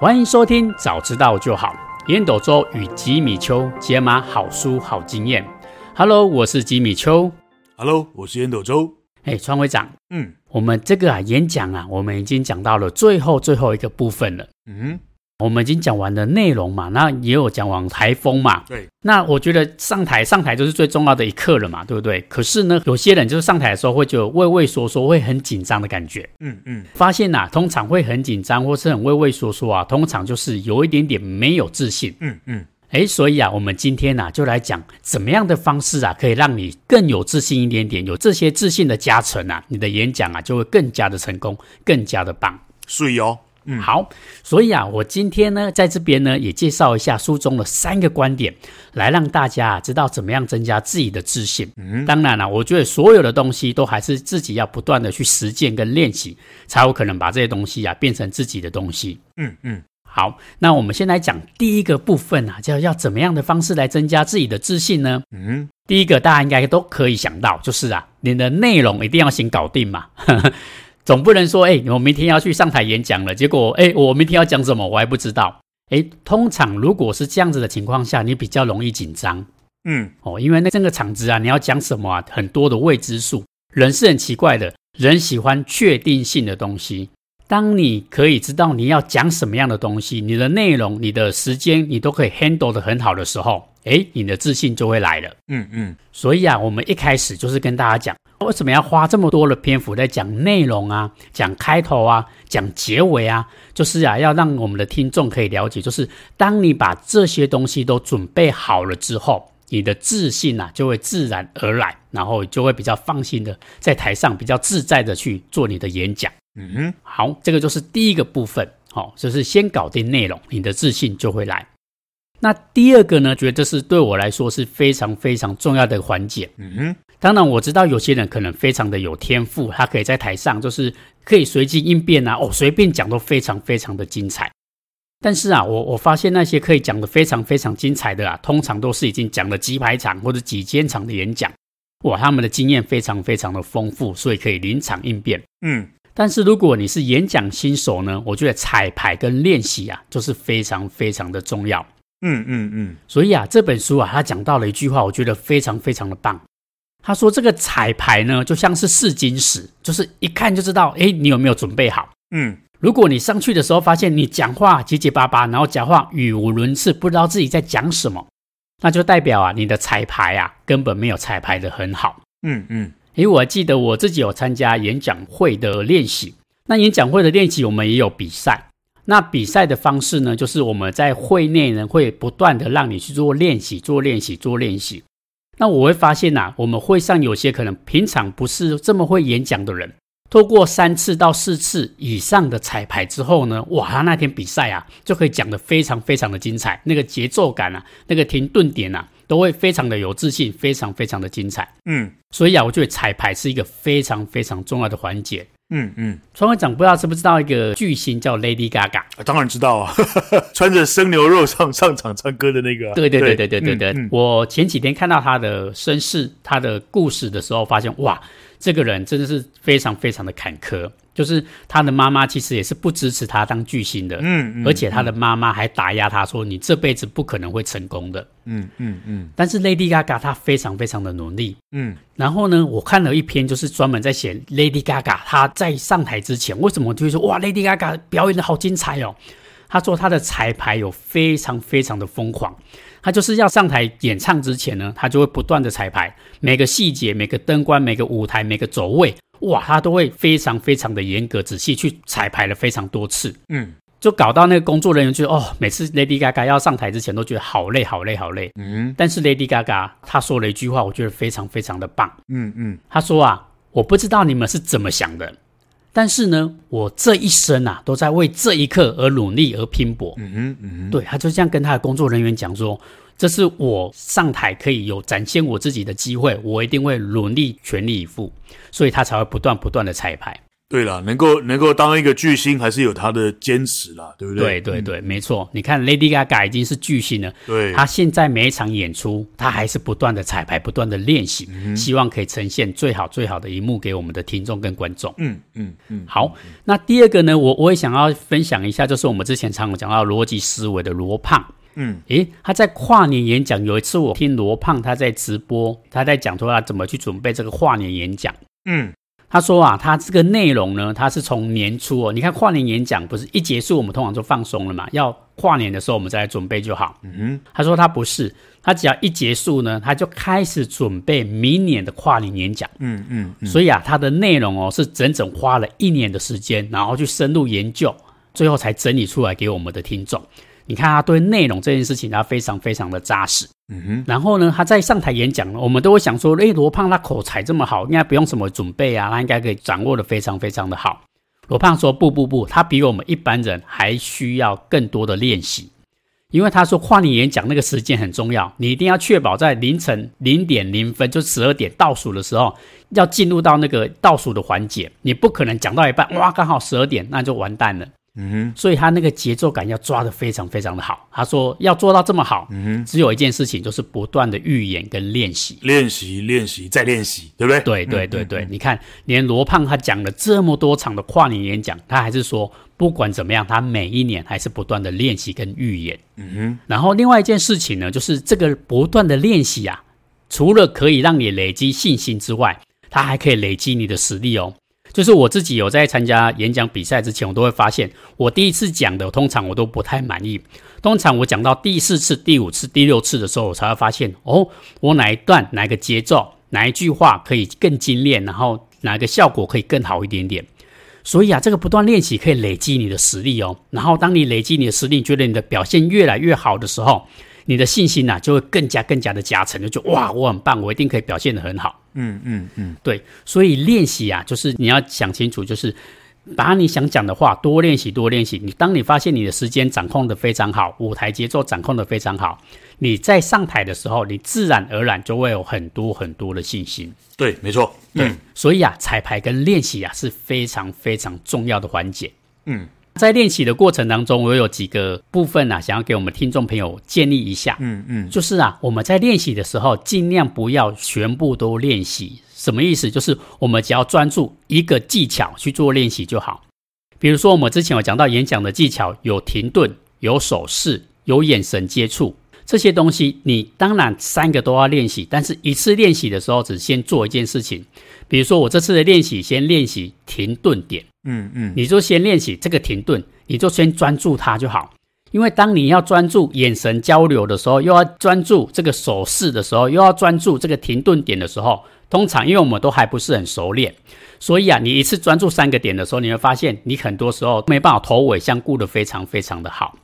歡迎收聽《早知道就好》，煙斗周與吉米邱解碼好書好經驗。Hello，我是吉米邱。Hello，我是煙斗周。誒，川會長，嗯，我們這個啊演講啊，我們已經講到了最後最後一個部分了。嗯。我們已經講完的內容嘛，那也有講完台風嘛。對。那我覺得上台上台就是最重要的一刻了嘛，對不對？可是呢，有些人就是上台的時候會就畏畏縮縮，會很緊張的感覺。嗯嗯。嗯發現吶、啊，通常會很緊張，或是很畏畏縮縮啊，通常就是有一點點沒有自信。嗯嗯。哎、嗯，所以啊，我們今天吶、啊，就來講怎麼樣的方式啊，可以讓你更有自信一點點，有這些自信的加成啊，你的演講啊，就會更加的成功，更加的棒。所以哦。嗯，好，所以啊，我今天呢，在這邊呢，也介紹一下書中的三個觀點，來讓大家知道怎麼樣增加自己的自信。嗯，當然了啊，我覺得所有的東西都還是自己要不斷的去實踐跟練習，才有可能把這些東西啊變成自己的東西。嗯嗯，好，那我們先來講第一個部分啊，叫要怎麼樣的方式來增加自己的自信呢？嗯，第一個大家應該都可以想到，就是啊，你的內容一定要先搞定嘛。 總不能說，誒、欸、我明天要去上台演講了。結果，誒、欸、我明天要講什麼，我還不知道。誒、欸、通常如果是這樣子的情況下，你比較容易緊張。嗯，哦，因為那整個場子啊，你要講什麼啊，很多的未知數。人是很奇怪的，人喜歡確定性的東西。當你可以知道你要講什麼樣的東西，你的內容、你的時間，你都可以 handle 的很好的時候，誒，你的自信就會來了。嗯嗯，嗯，所以啊，我們一開始就是跟大家講，為什麼要花這麼多的篇幅在講內容啊、講開頭啊、講結尾啊，就是啊，要讓我們的聽眾可以了解，就是當你把這些東西都準備好了之後，你的自信啊就會自然而然，然後就會比較放心的在台上比較自在的去做你的演講。嗯哼，好，這個就是第一個部分，好、哦，就是先搞定內容，你的自信就會來。那第二個呢？覺得這是對我來說是非常非常重要的環節。嗯哼，當然我知道有些人可能非常的有天賦，他可以在台上就是可以隨機應變啊，哦，隨便講都非常非常的精彩。但是啊，我我發現那些可以講的非常非常精彩的啊，通常都是已經講了幾百場或者幾千場的演講，哇，他們的經驗非常非常的豐富，所以可以臨場應變。嗯。但是如果你是演講新手呢？我覺得彩排跟練習啊，就是非常非常的重要。嗯嗯嗯。嗯嗯所以啊，這本書啊，他講到了一句話，我覺得非常非常的棒。他說這個彩排呢，就像是試金石，就是一看就知道，哎，你有沒有準備好？嗯。如果你上去的時候發現你講話結結巴巴，然後講話語無倫次，不知，不知道自己在講什麼，那就代表啊，你的彩排啊，根本沒有彩排的很好。嗯嗯。嗯因為我還記得我自己有參加演講會的練習。那演講會的練習，我們也有比賽。那比賽的方式呢，就是我們在會內呢，會不斷的讓你去做練習，做練習，做練習。那我會發現吶、啊，我們會上有些可能平常不是這麼會演講的人，透過三次到四次以上的彩排之後呢，哇，他那天比賽啊，就可以講得非常非常的精彩，那個節奏感啊，那個停頓點吶、啊。都會非常的有自信，非常非常的精彩。嗯，所以啊，我覺得彩排是一個非常非常重要的環節。嗯嗯，嗯川會長不知道知不知道一個巨星叫 Lady Gaga？、啊、當然知道啊， 穿着生牛肉上上場唱歌的那個、啊。對對對對對對對。嗯嗯、我前幾天看到他的身世、他的故事的時候，發現哇，這個人真的是非常非常的坎坷。就是他的媽媽其實也是不支持他當巨星的，嗯，嗯，而且他的媽媽還打壓他說，你這輩子不可能會成功的，嗯嗯嗯。嗯嗯，但是 Lady Gaga 她非常非常的努力，嗯。然後呢，我看了一篇就是專門在寫 Lady Gaga 她在上台之前為什麼就會說，哇 Lady Gaga 表演得好精彩哦，他說他的彩排有非常非常的瘋狂。他就是要上台演唱之前呢，他就會不斷的彩排，每個細節、每個燈光、每個舞台、每個走位，哇，他都會非常非常的嚴格仔細去彩排了非常多次。嗯，就搞到那個工作人員覺得哦，每次 Lady Gaga 要上台之前都覺得好累好累好累、好累。嗯，但是 Lady Gaga 她說了一句話，我覺得非常非常的棒。嗯嗯，他、嗯、說啊，我不知道你們是怎麼想的。但是呢，我這一生啊，都在為這一刻而努力而拼搏。嗯哼嗯嗯，對，他就這樣跟他的工作人員講說：“這是我上台可以有展現我自己的機會，我一定會努力全力以赴。所以他才會不斷不斷的彩排。”對啦，能夠能夠當一個巨星，還是有他的堅持啦，對不對？對對對，嗯、沒錯。你看 Lady Gaga 已經是巨星了，對，他現在每一場演出，他還是不斷的彩排，不斷的練習，嗯、哼希望可以呈現最好最好的一幕給我們的聽眾跟觀眾。嗯嗯嗯。嗯嗯嗯，好，那第二個呢，我我也想要分享一下，就是我們之前常有講到邏輯思維的羅胖，嗯，誒他在跨年演講有一次，我聽羅胖他在直播，他在講說他怎麼去準備這個跨年演講，嗯。他說啊，他這個內容呢，他是從年初哦，你看跨年演講不是一結束，我們通常就放鬆了嘛，要跨年的時候我們再來準備就好。嗯，嗯。他說他不是，他只要一結束呢，他就開始準備明年的跨年演講。嗯，嗯嗯，所以啊，他的內容哦，是整整花了一年的時間，然後去深入研究，最後才整理出來給我們的聽眾。你看他對內容這件事情，他非常非常的扎實。嗯哼。然後呢，他在上台演講，我們都會想說，誒，羅胖他口才這麼好，應該不用什麼準備啊，他應該可以掌握的非常非常的好。羅胖說：不不不，他比我們一般人還需要更多的練習，因為他說跨年演講那個時間很重要，你一定要確保在凌晨零點零分，就十二點倒數的時候，要進入到那個倒數的環節，你不可能講到一半，哇，剛好十二點，那就完蛋了。嗯， 所以他那個節奏感要抓得非常非常的好。他說要做到這麼好，嗯哼，只有一件事情，就是不斷的預演跟練習， 練習，練習，再練習，對不對？對對對對，你看，連羅胖他講了這麼多場的跨年演講，他還是說，不管怎麼樣，他每一年還是不斷的練習跟預演，嗯哼。然後另外一件事情呢，就是這個不斷的練習啊，除了可以讓你累積信心之外，他還可以累積你的實力哦。就是我自己有在參加演講比賽之前，我都會發現，我第一次講的通常我都不太滿意。通常我講到第四次、第五次、第六次的時候，我才會發現，哦，我哪一段、哪個節奏、哪一句話可以更精煉，然後哪個效果可以更好一點點。所以啊，這個不斷練習可以累積你的實力哦。然後當你累積你的實力，覺得你的表現越來越好的時候，你的信心吶、啊、就會更加更加的加成，就哇，我很棒，我一定可以表現得很好。嗯嗯嗯，嗯對，所以練習啊，就是你要想清楚，就是把你想講的話多練習，多練習。你當你發現你的時間掌控得非常好，舞台節奏掌控得非常好，你在上台的時候，你自然而然就會有很多很多的信心。對，沒錯，對、嗯，所以啊，彩排跟練習啊是非常非常重要的環節。嗯。在練習的過程當中，我有幾個部分啊，想要給我們聽眾朋友建議一下。嗯嗯，嗯，就是啊，我們在練習的時候，盡量不要全部都練習。什麼意思？就是我們只要專注一個技巧去做練習就好。比如說，我們之前有講到演講的技巧，有停頓，有手勢，有眼神接觸。這些東西，你當然三個都要練習，但是一次練習的時候，只先做一件事情。比如說，我這次的練習先練習停頓點，嗯嗯，嗯，你就先練習這個停頓，你就先專注它就好。因為當你要專注眼神交流的時候，又要專注這個手勢的時候，又要專注這個停頓點的時候，通常因為我們都還不是很熟練，所以啊，你一次專注三個點的時候，你會發現你很多時候沒辦法頭尾相顧的非常非常的好。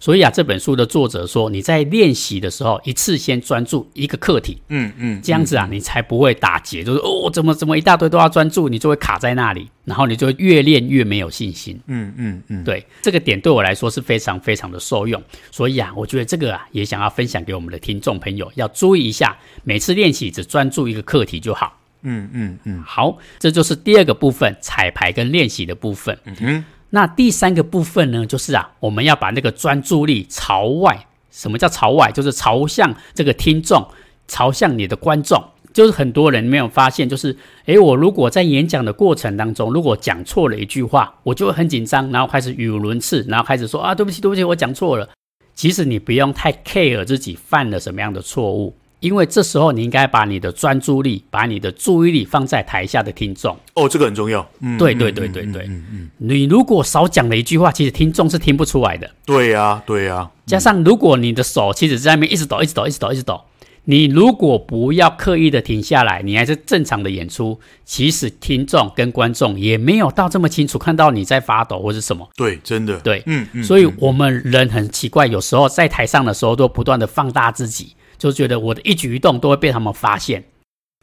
所以啊，這本書的作者說，你在練習的時候，一次先專注一個課題，嗯嗯，嗯嗯這樣子啊，你才不會打結，就是哦，怎麼怎麼一大堆都要專注，你就會卡在那裡，然後你就會越練越沒有信心，嗯嗯嗯，嗯嗯對，這個點對我來說是非常非常的受用，所以啊，我覺得這個啊也想要分享給我們的聽眾朋友，要注意一下，每次練習只專注一個課題就好，嗯嗯嗯，嗯嗯好，這就是第二個部分，彩排跟練習的部分，嗯嗯。嗯那第三個部分呢，就是啊，我們要把那個專注力朝外。什麼叫朝外？就是朝向這個聽眾，朝向你的觀眾。就是很多人沒有發現，就是誒，我如果在演講的過程當中，如果講錯了一句話，我就會很緊張，然後開始語無倫次，然後開始說啊，對不起，對不起，我講錯了。其實你不用太 care 自己犯了什麼樣的錯誤。因為這時候你應該把你的專注力、把你的注意力放在台下的聽眾。哦，這個很重要。嗯、對對對對對。嗯嗯，嗯嗯嗯嗯，你如果少講了一句話，其實聽眾是聽不出來的。對呀、啊，對呀、啊。嗯、加上，如果你的手其實在那邊一,一直抖、一直抖、一直抖、一直抖，你如果不要刻意的停下來，你還是正常的演出，其實聽眾跟觀眾也沒有到這麼清楚看到你在發抖或是什麼。對，真的。對，嗯嗯。嗯，所以我們人很奇怪，有時候在台上的時候都不斷的放大自己。都覺得我的一舉一動都會被他們發現，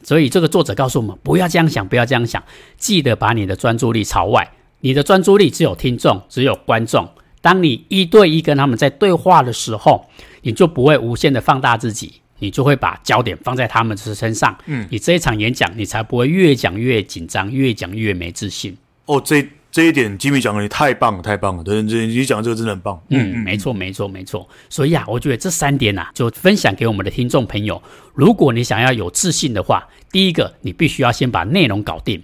所以這個作者告訴我們：不要這樣想，不要這樣想，記得把你的專注力朝外，你的專注力只有聽眾，只有觀眾。當你一對一跟他們在對話的時候，你就不會無限的放大自己，你就會把焦點放在他們身上。嗯，你這一場演講，你才不會越講越緊張，越講越沒自信。哦，這。這一點吉米講的也太棒了，太棒了！對，你講的這個真的很棒。嗯，沒錯，沒錯，沒錯。所以啊，我覺得這三點啊，就分享給我們的聽眾朋友。如果你想要有自信的話，第一個，你必須要先把內容搞定；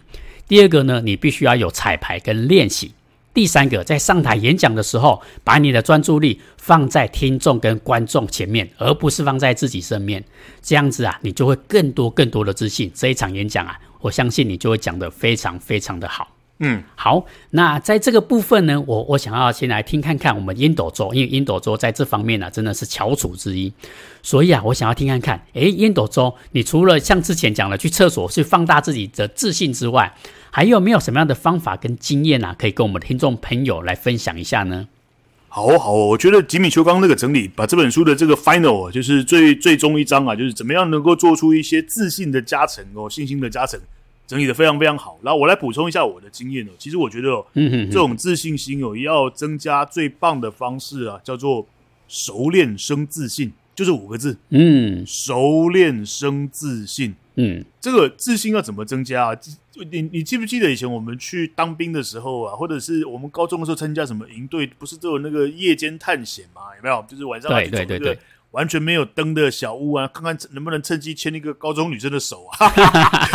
第二個呢，你必須要有彩排跟練習；第三個，在上台演講的時候，把你的專注力放在聽眾跟觀眾前面，而不是放在自己身邊。這樣子啊，你就會更多更多的自信。這一場演講啊，我相信你就會講得非常非常的好。嗯，好，那在這個部分呢，我我想要先來聽看看我們煙斗周，因為煙斗周在這方面呢、啊、真的是翹楚之一，所以啊，我想要聽看看，誒、欸、煙斗周，你除了像之前講的去廁所去放大自己的自信之外，還有沒有什麼樣的方法跟經驗啊，可以跟我們的聽眾朋友來分享一下呢？好好，我覺得吉米邱剛那個整理，把這本書的這個 final 就是最最終一章啊，就是怎麼樣能夠做出一些自信的加成哦，信心的加成。整理得非常非常好，然後我來補充一下我的經驗哦。其實我覺得、哦，嗯哼，哼，這種自信心哦，要增加最棒的方式啊，叫做熟練生自信，就是五個字，嗯，熟練生自信，嗯，這個自信要怎麼增加啊？你你記不記得以前我們去當兵的時候啊，或者是我們高中的時候參加什麼營隊，不是都有那個夜間探險嘛？有沒有？就是晚上去、這個、對對對對。完全沒有燈的小屋啊，看看能不能趁機牽一個高中女生的手啊！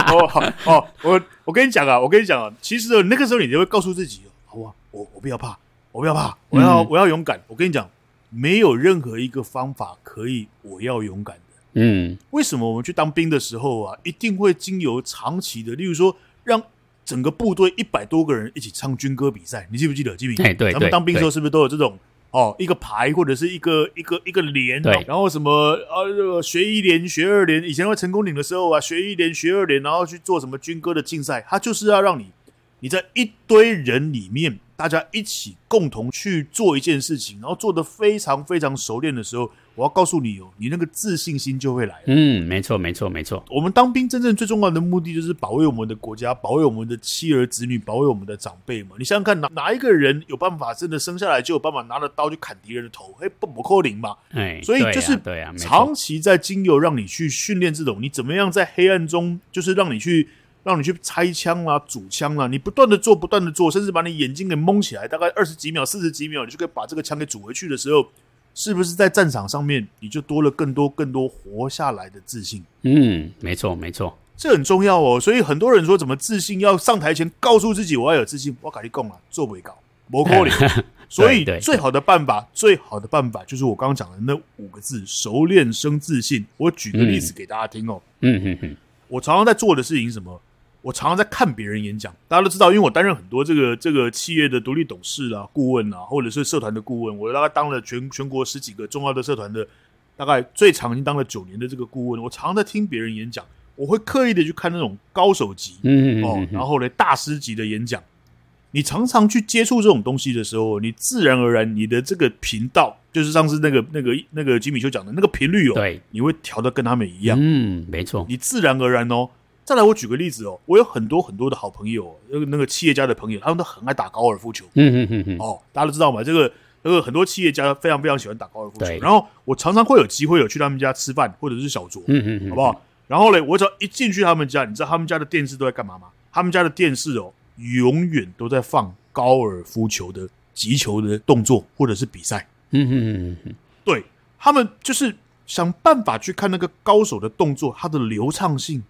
哦哦，我我跟你講啊，我跟你講啊，其實那個時候你就會告訴自己，好啊，我我不要怕，我不要怕，我要我要勇敢。嗯、我跟你講，沒有任何一個方法可以我要勇敢的。嗯，為什麼我們去當兵的時候啊，一定會經由長期的，例如說讓整個部隊一百多個人一起唱軍歌比賽，你記不記得？記不記得？哎、對對咱們當兵的時候是不是都有這種？哦，一個排或者是一個一個一個連，對然後什麼啊？這個學一連、學二連，以前在成功嶺的時候啊，學一連、學二連，然後去做什麼軍歌的競賽，它就是要讓你你在一堆人裡面，大家一起共同去做一件事情，然後做得非常非常熟練的時候。我要告訴你哦，你那個自信心就會來了。嗯，沒錯，沒錯，沒錯。我們當兵真正最重要的目的就是保衛我們的國家，保衛我們的妻兒子女，保衛我們的長輩嘛。你想想看，哪哪一個人有辦法真的生下來就有辦法拿着刀去砍敵人的頭？嘿、欸，不不可能嘛。對、欸，所以就是長期在軍營讓你去訓練這種，你怎麼樣在黑暗中，就是讓你去讓你去拆槍啊、組槍啊，你不斷的做，不斷的做，甚至把你眼睛給矇起來，大概二十幾秒、四十幾秒，你就可以把這個槍給組回去的時候。是不是在戰場上面，你就多了更多更多活下來的自信？嗯，沒錯沒錯，這很重要哦。所以很多人說，怎麼自信？要上台前告訴自己，我要有自信，我敢去講啊，做不會搞，我鼓你。嗯，所以最好的辦法，對對對，最好的辦法就是我剛剛講的那五個字：熟練生自信。我舉個例子給大家聽哦。嗯嗯嗯，嗯哼哼，我常常在做的事情是什麼？我常常在看別人演講，大家都知道，因為我擔任很多這個這個企業的獨立董事啊、顧問啊，或者是社團的顧問，我大概當了全全國十幾個重要的社團的，大概最長已經當了九年的這個顧問。我常常在聽別人演講，我會刻意的去看那種高手級哦，然後嘞大師級的演講。你常常去接觸這種東西的時候，你自然而然你的這個頻道，就是上次那個那個那個吉米邱講的那個頻率哦，對，你會調的跟他們一樣。嗯，沒錯，你自然而然哦。再來，我舉個例子哦，我有很多很多的好朋友，哦，那個那個企業家的朋友，他們都很愛打高爾夫球。嗯嗯嗯嗯。哦，大家都知道嘛，這個那個很多企業家非常非常喜歡打高爾夫球。對然後我常常會有機會有去他們家吃飯或者是小酌。嗯嗯嗯，好不好？然後嘞，我只要一進去他們家，你知道他們家的電視都在幹嘛嗎？他們家的電視哦，永遠都在放高爾夫球的擊球的動作或者是比賽。嗯嗯嗯嗯。對，他們就是想辦法去看那個高手的動作，他的流暢性。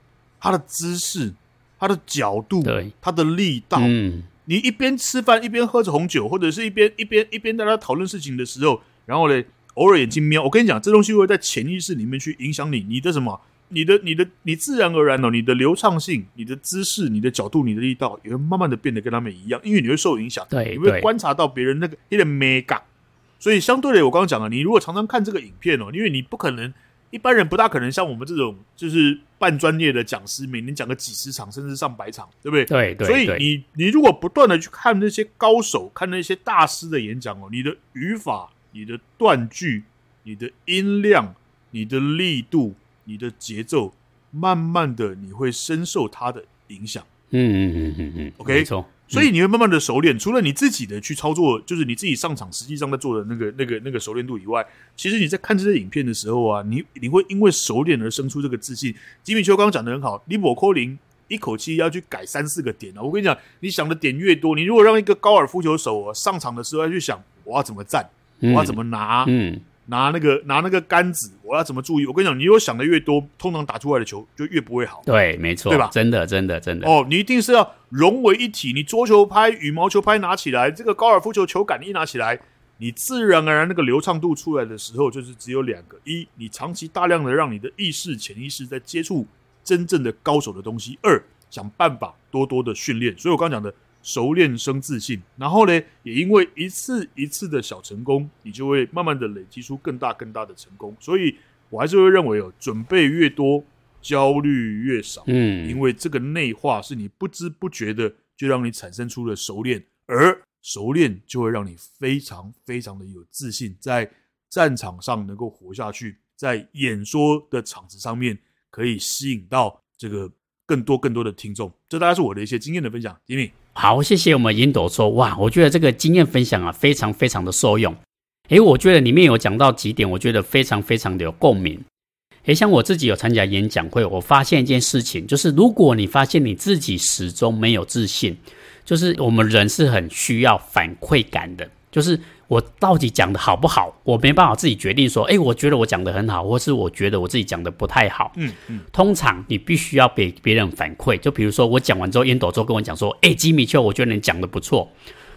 他的姿勢、他的角度、對他的力道。嗯，你一邊吃飯一邊喝着紅酒，或者是一邊一邊一邊大家討論事情的時候，然後呢，偶爾眼睛瞄，我跟你講，這東西會在潛意識裡面去影響你，你的什麼你的，你的、你的、你自然而然哦，你的流暢性、你的姿勢、你的角度、你的力道，也會慢慢的變得跟他們一樣，因為你會受影響，對對你會觀察到別人那個有點、那個、美感，所以相對的，我剛剛講了，你如果常常看這個影片哦，因為你不可能。一般人不大可能像我們這種就是半專業的講師，每年講個幾十場，甚至上百場，對不對？對對。對對，所以你你如果不斷的去看那些高手，看那些大師的演講哦，你的語法、你的斷句、你的音量、你的力度、你的節奏，慢慢的你會深受他的影響。嗯嗯嗯嗯嗯。嗯嗯嗯 OK。所以你會慢慢的熟練，嗯、除了你自己的去操作，就是你自己上場實際上在做的那個、那個、那個熟練度以外，其實你在看這些影片的時候啊，你你會因為熟練而生出這個自信。吉米邱剛講的很好，你不可能一口氣要去改三四個點啊！我跟你講，你想的點越多，你如果讓一個高爾夫球手、啊、上場的時候要去想，我要怎麼站，嗯、我要怎麼拿，嗯。嗯拿那個拿那個桿子，我要怎麼注意？我跟你講，你如果想的越多，通常打出來的球就越不會好。對，沒錯，對吧？真的，真的，真的。哦，你一定是要融為一體。你桌球拍、羽毛球拍拿起來，這個高爾夫球球桿一拿起來，你自然而然那個流暢度出來的時候，就是只有兩個：一，你長期大量的讓你的意識、潛意識在接觸真正的高手的東西；二，想辦法多多的訓練。所以我剛剛講的。熟練生自信，然後呢，也因為一次一次的小成功，你就會慢慢的累積出更大更大的成功。所以，我還是會認為哦，準備越多，焦慮越少。嗯，因為這個內化是你不知不覺的，就讓你產生出了熟練，而熟練就會讓你非常非常的有自信，在戰場上能夠活下去，在演說的場子上面可以吸引到這個更多更多的聽眾。這大概是我的一些經驗的分享，吉米。好，謝謝我們煙斗說，哇，我覺得這個經驗分享啊，非常非常的受用。誒，我覺得裡面有講到幾點，我覺得非常非常的有共鳴。誒，像我自己有參加演講會，我發現一件事情，就是如果你發現你自己始終沒有自信，就是我們人是很需要反饋感的，就是。我到底講的好不好？我沒辦法自己決定說，哎、欸，我覺得我講的很好，或是我覺得我自己講的不太好。嗯嗯，嗯通常你必須要被別人反饋，就比如說我講完之後，煙斗周跟我講說，哎、欸，吉米邱，我覺得你講的不錯，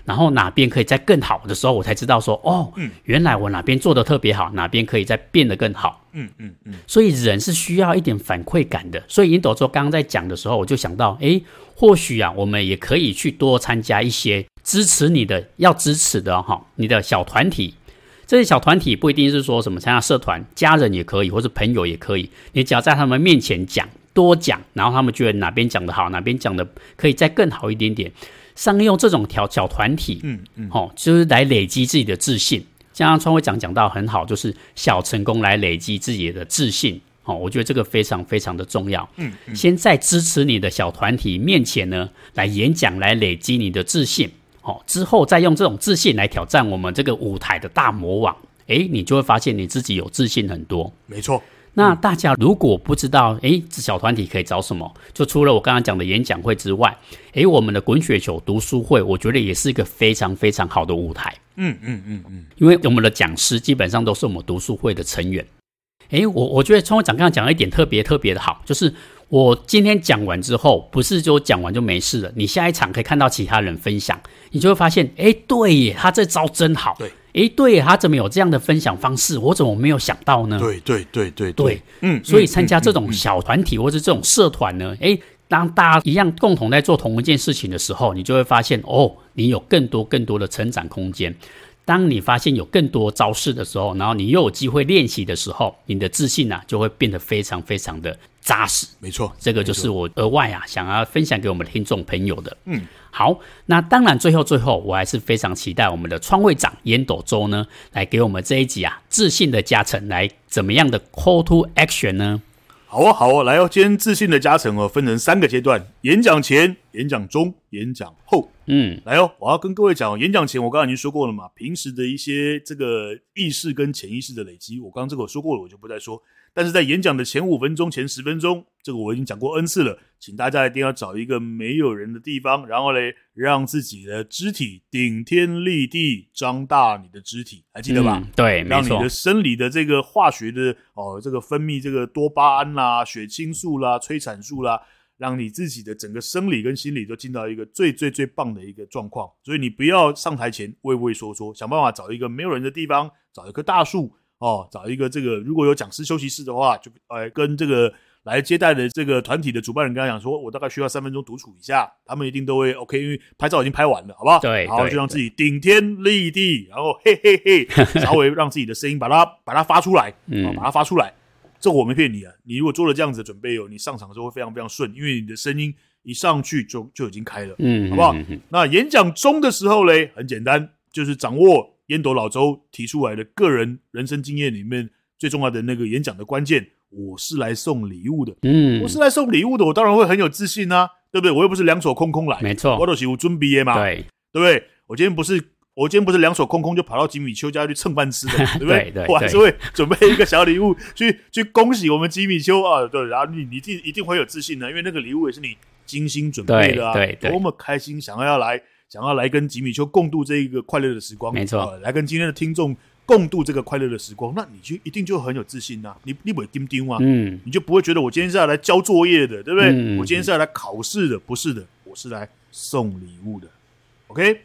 然後哪邊可以再更好的時候，我才知道說，哦，嗯、原來我哪邊做的特別好，哪邊可以再變得更好。嗯嗯嗯，嗯嗯所以人是需要一點反饋感的。所以煙斗周剛剛在講的時候，我就想到，哎、欸，或許啊，我們也可以去多參加一些。支持你的，要支持的哈、哦，你的小團體，這些小團體不一定是說什麼參加社團，家人也可以，或者朋友也可以。你只要在他們面前講，多講，然後他們覺得哪邊講得好，哪邊講得可以再更好一點點。善用這種調小團體，嗯嗯，好、嗯哦，就是來累積自己的自信。像阿川會長講到很好，就是小成功來累積自己的自信。好、哦，我覺得這個非常非常的重要。嗯，嗯先在支持你的小團體面前呢，來演講，來累積你的自信。好，之後再用這種自信來挑戰我們這個舞台的大魔王，哎，你就會發現你自己有自信很多。沒錯，嗯，那大家如果不知道，誒，這小團體可以找什麼？就除了我剛剛講的演講會之外，哎，我們的滾雪球讀書會，我覺得也是一個非常非常好的舞台。嗯嗯嗯嗯，嗯嗯嗯因為我們的講師基本上都是我們讀書會的成員。哎，我我覺得，創會長剛剛講了一點特別特別的好，就是。我今天講完之後，不是就講完就沒事了。你下一場可以看到其他人分享，你就會發現，哎、欸，對耶，他這招真好。哎對、欸，對，他怎麼有這樣的分享方式？我怎麼沒有想到呢？對，對，對，對，對，對，對，對，對，嗯。所以參加這種小團體、嗯、或者是這種社團呢，哎、嗯嗯嗯欸，當大家一樣共同在做同一件事情的時候，你就會發現，哦，你有更多更多的成長空間。當你發現有更多招式的時候，然後你又有機會練習的時候，你的自信呢、啊、就會變得非常非常的。扎實，沒錯錯，這個就是我額外啊錯想要分享給我們的聽眾朋友的。嗯，好，那當然，最後最後，我還是非常期待我們的創會長煙斗周呢，來給我們這一集啊自信的加乘，來怎麼樣的 call to action 呢？好啊，好啊，來哦，今天自信的加乘哦，我分成三個階段：演講前、演講中、演講後。嗯，來哦，我要跟各位講，演講前我剛才已經說過了嘛。平時的一些這個意識跟潛意識的累積，我剛剛這個我說過了，我就不再說。但是在演講的前五分鐘、前十分鐘，這個我已經講過 n 次了，請大家一定要找一個沒有人的地方，然後嘞，讓自己的肢體頂天立地，張大你的肢體，還記得吧？嗯、對，沒錯。讓你的生理的這個化學的錯哦，這個分泌這個多巴胺啦、啊、血清素啦、啊、催產素啦、啊。讓你自己的整個生理跟心理都進到一個最最最棒的一個狀況，所以你不要上台前畏畏縮縮，想辦法找一個沒有人的地方，找一棵大樹哦，找一個這個如果有講師休息室的話，就哎跟這個來接待的這個團體的主辦人跟他講說，我大概需要三分鐘獨處一下，他們一定都會 OK，因為拍照已經拍完了，好不好？對，然後就讓自己頂天立地，然後嘿嘿嘿，稍微讓自己的聲音把它把它發出來，嗯，把它發出來。這我沒騙你啊！你如果做了這樣子的準備哦，你上場的時候會非常非常順，因為你的聲音一上去就就已經開了，嗯，好不好？嗯、那演講中的時候嘞，很簡單，就是掌握煙斗老周提出來的個人人生經驗裡面最重要的那個演講的關鍵。我是來送禮物的，嗯，我是來送禮物的，我當然會很有自信啊，對不對？我又不是兩手空空來，沒錯，我都是有準備的嘛，對，對不對？我今天不是。我今天不是兩手空空就跑到吉米邱家去蹭飯吃的。 對不對，對？我還是會準備一個小禮物去 去恭喜我們吉米邱啊，對，然後你你一定一定會有自信的，啊，因為那個禮物也是你精心準備的啊，對對對，多麼開心，想要來想要來跟吉米邱共度這一個快樂的時光，沒錯，啊，來跟今天的聽眾共度這個快樂的時光，那你就一定就很有自信啊，你你不會丟丟啊，嗯，你就不會覺得我今天是要來交作業的，對不對？嗯，我今天是要來考試的，不是的，我是來送禮物的，OK。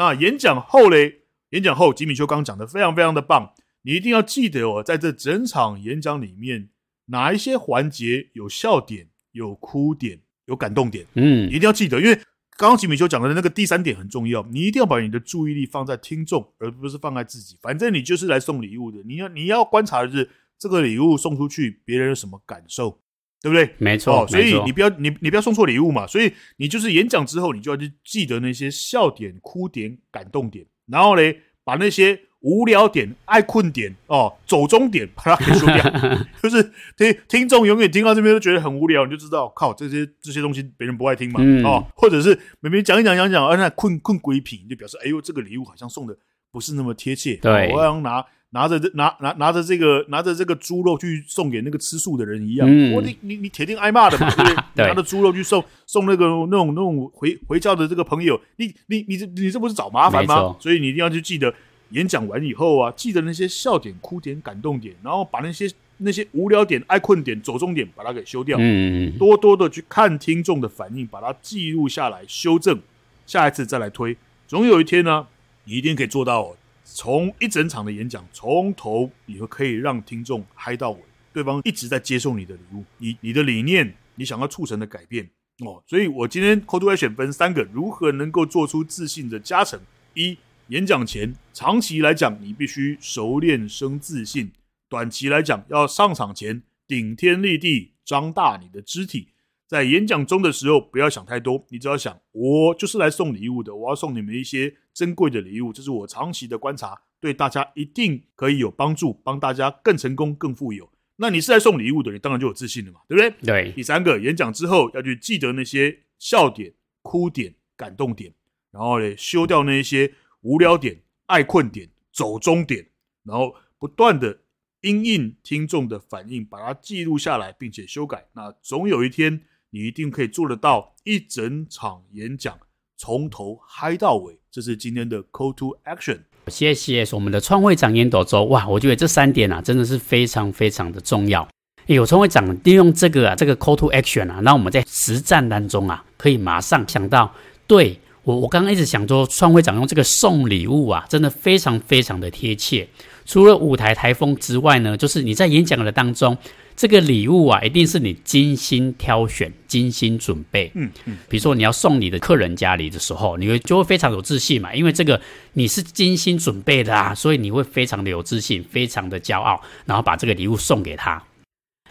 那演講後嘞，演講後，吉米邱剛剛講的非常非常的棒，你一定要記得哦，在這整場演講裡面，哪一些環節有笑點、有哭點、有感動點，嗯，一定要記得，因為剛剛吉米邱講的那個第三點很重要，你一定要把你的注意力放在聽眾，而不是放在自己，反正你就是來送禮物的，你要你要觀察的是這個禮物送出去，別人有什麼感受。對不對？沒錯，哦、沒錯所以你不要你你不要送錯禮物嘛。所以你就是演講之後，你就要去記得那些笑點、哭點、感動點，然後呢，把那些無聊點、愛困點、哦走終點，把它給收掉。 就是聽聽眾永遠聽到這邊都覺得很無聊，你就知道靠這些這些東西別人不愛聽嘛。嗯、哦，或者是每邊講一講講講，啊，那困困鬼皮你就表示哎呦這個禮物好像送的不是那麼貼切。對，我、哦、要拿。拿着這拿拿拿着這個拿着這個豬肉去送給那個吃素的人一樣，我、嗯、你你你鐵定挨罵的嘛，不對？拿着豬肉去送 對送那個送、那個、那種那種回回教的這個朋友，你你你這你這不是找麻煩嗎？錯所以你一定要去記得，演講完以後啊，記得那些笑點、哭點、感動點，然後把那些那些無聊點、愛困點、走終點，把它給修掉。嗯嗯嗯。多多的去看聽眾的反應，把它記錄下來，修正，下一次再來推。總有一天呢、啊，你一定可以做到。哦。從一整場的演講，從頭你就可以讓聽眾嗨到尾，對方一直在接受你的禮物，你、你的理念，你想要促成的改變哦，所以我今天 call to action 分三個，如何能夠做出自信的加乘。一，演講前，長期來講你必須熟練生自信，短期來講要上場前頂天立地，張大你的肢體。在演講中的時候，不要想太多，你只要想，我就是來送禮物的，我要送你們一些珍貴的禮物。這是我長期的觀察，對大家一定可以有幫助，幫大家更成功、更富有。那你是來送禮物的，你當然就有自信了嘛，對不對？對。第三個，演講之後要去記得那些笑點、哭點、感動點，然後呢，修掉那些無聊點、愛困點、走終點，然後不斷的因應聽眾的反應，把它記錄下來，並且修改。那總有一天。你一定可以做得到，一整場演講從頭嗨到尾，這是今天的 Call to Action。謝謝我們的創會長煙斗周哇，我覺得這三點啊，真的是非常非常的重要。有、欸、創會長利用這個啊，這個 Call to Action 啊，讓我們在實戰當中啊，可以馬上想到。對我，我剛剛一直想說，創會長用這個送禮物啊，真的非常非常的貼切。除了舞台台風之外呢，就是你在演講的當中。這個禮物啊，一定是你精心挑選、精心準備。嗯嗯，嗯比如說你要送你的客人家裡的時候，你會就會非常有自信嘛，因為這個你是精心準備的啊，所以你會非常的有自信，非常的驕傲，然後把這個禮物送給他。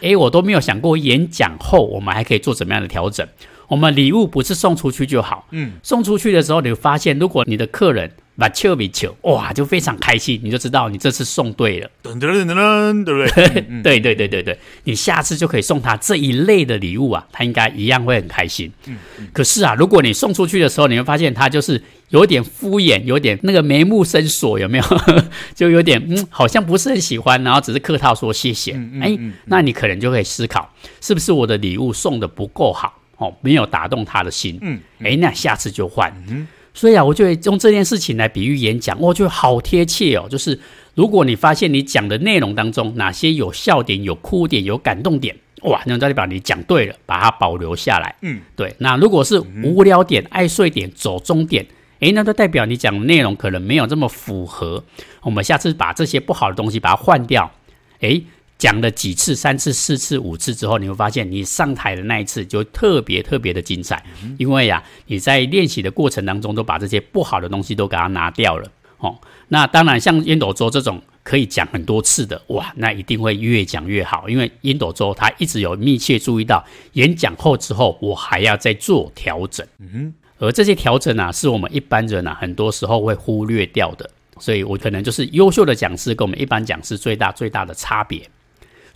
誒，我都沒有想過演講後我們還可以做怎麼樣的調整。我們禮物不是送出去就好，嗯，送出去的時候你會發現，如果你的客人。把球比球，哇，就非常開心，你就知道你這次送對了。 對對對對對，你下次就可以送他這一類的禮物啊，他應該一樣會很開心。嗯嗯、可是啊，如果你送出去的時候，你會發現他就是有點敷衍，有點那個眉目深鎖，有沒有？ 就有點嗯，好像不是很喜歡，然後只是客套說謝謝。嗯嗯欸、那你可能就可以思考，是不是我的禮物送得不夠好哦，沒有打動他的心？嗯。哎、嗯欸，那下次就換。嗯。所以啊，我就會用這件事情來比喻演講，我覺得好貼切哦。就是如果你發現你講的內容當中哪些有笑點、有哭點、有感動點，哇，那就代表你講對了，把它保留下來。嗯，對。那如果是無聊點、愛睡點、走終點，哎，那都代表你講的內容可能沒有這麼符合。我們下次把這些不好的東西把它換掉。哎。講了幾次，三次、四次、五次之後，你會發現你上台的那一次就特別特別的精彩，嗯哼。因為呀、啊，你在練習的過程當中都把這些不好的東西都給它拿掉了哦。那當然，像煙斗周這種可以講很多次的哇，那一定會越講越好，因為煙斗周他一直有密切注意到演講後之後我還要再做調整。嗯哼。而這些調整呢、啊，是我們一般人啊，很多時候會忽略掉的，所以我可能就是優秀的講師跟我們一般講師最大最大的差別。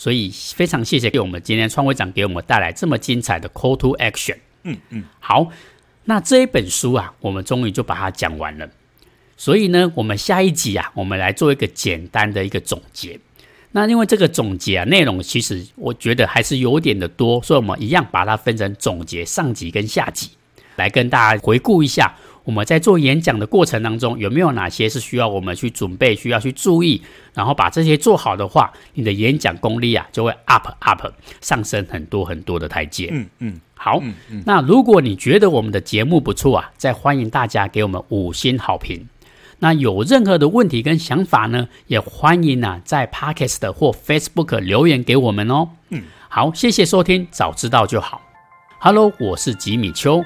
所以非常謝謝給我們今天創會長給我們帶來這麼精彩的 Call to Action。嗯嗯，嗯，好，那這一本書啊，我們終於就把它講完了。所以呢，我們下一集啊，我們來做一個簡單的一個總結。那因為這個總結啊，內容其實我覺得還是有點的多，所以我們一樣把它分成總結上集跟下集，來跟大家回顧一下。我們在做演講的過程當中，有沒有哪些是需要我們去準備、需要去注意，然後把這些做好的話，你的演講功力啊就會 up up 上升很多很多的台階。嗯嗯，嗯好，嗯嗯、那如果你覺得我們的節目不錯啊，再歡迎大家給我們五星好評。那有任何的問題跟想法呢，也歡迎啊在 Podcast 或 Facebook 留言給我們哦。嗯，好，謝謝收聽，早知道就好。Hello，我是吉米邱。